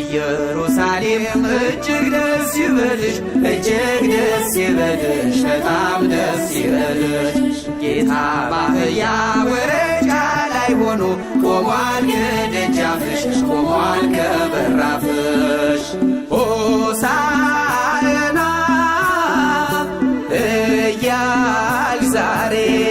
ኢየሩሳሌም እጅግ ደስ ይበልሽ፣ እጅግ ደስ ይበልሽ፣ በጣም ደስ ይበልሽ። ጌታ ባህያ ወረዳ ላይ ሆኖ ቆሟል ከደጃፍሽ፣ ቆሟል ከበራፍሽ። ሆሳዕና እያልሽ ዛሬ